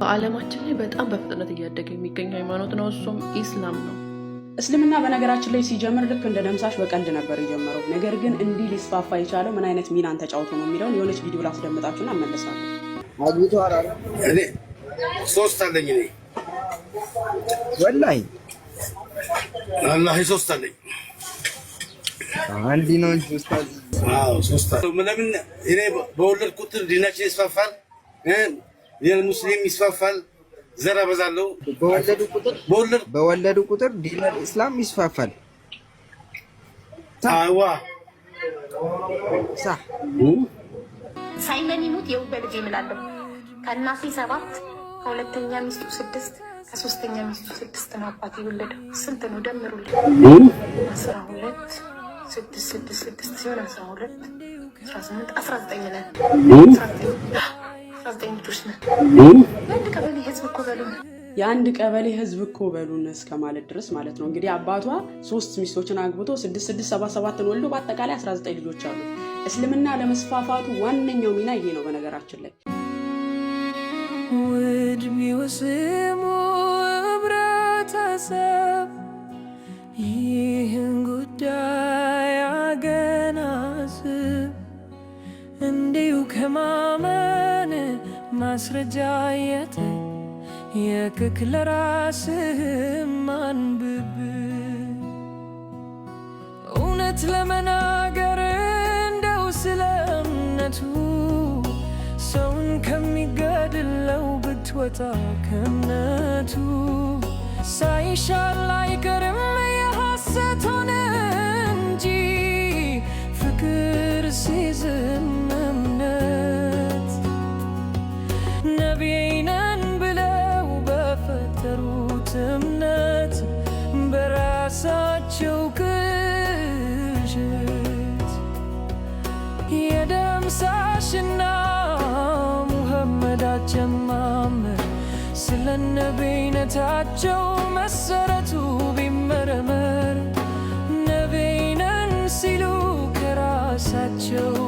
በዓለማችን ላይ በጣም በፍጥነት እያደገ የሚገኝ ሃይማኖት ነው። እሱም ኢስላም ነው። እስልምና በነገራችን ላይ ሲጀምር ልክ እንደ ደምሳሽ በቀልድ ነበር የጀመረው። ነገር ግን እንዲህ ሊስፋፋ የቻለው ምን አይነት ሚናን ተጫውቶ ነው የሚለውን የሆነች ቪዲዮ ላስደምጣችሁና እመለሳለሁ። ሶስት አለኝ እኔ ወላሂ ወላሂ ሶስት አለኝ። አንድ ነው እንጂ ኡስታዝ። አዎ ሶስት ለምን እኔ በወለድኩት ዲናችን ይስፋፋል ሙስሊም ይስፋፋል። ዘር አበዛለሁ። በወለዱ ቁጥር ዲነል ኢስላም ይስፋፋል። አይዋ ሳይመን ይሙት የው በልጅ ይምላለሁ። ከእናቴ ሰባት ከሁለተኛ ሚስቱ ስድስት ከሶስተኛ ሚስቱ ስድስት ነው አባት የወለደው። ስንት ነው ደምሩልኝ? አስራ ሁለት ስድስት ስድስት ስድስት ሲሆን አስራ ሁለት አስራ ስምንት አስራ ዘጠኝ ነን የአንድ ቀበሌ ህዝብ እኮ በሉን እስከ ማለት ድረስ ማለት ነው። እንግዲህ አባቷ ሶስት ሚስቶችን አግብቶ ሰባ ሰባትን ወልዶ በአጠቃላይ 19 ልጆች አሉት። እስልምና ለመስፋፋቱ ዋነኛው ሚና ይሄ ነው። በነገራችን ላይ ውድሜ ህብረተሰብ ይህን ጉዳይ ማስረጃ የተኝ የክክ ለራስህም አንብብ እውነት ለመናገር እንደው ስለ እምነቱ ሰውን ከሚገድለው ብትወጣ ከእምነቱ ሳይሻላ ነቢይነን ብለው በፈጠሩት እምነት በራሳቸው ቅዠት የደምሳሽና ሙሐመድ አጀማመር ስለ ነቢይነታቸው መሰረቱ ቢመረመር ነቢይነን ሲሉ ከራሳቸው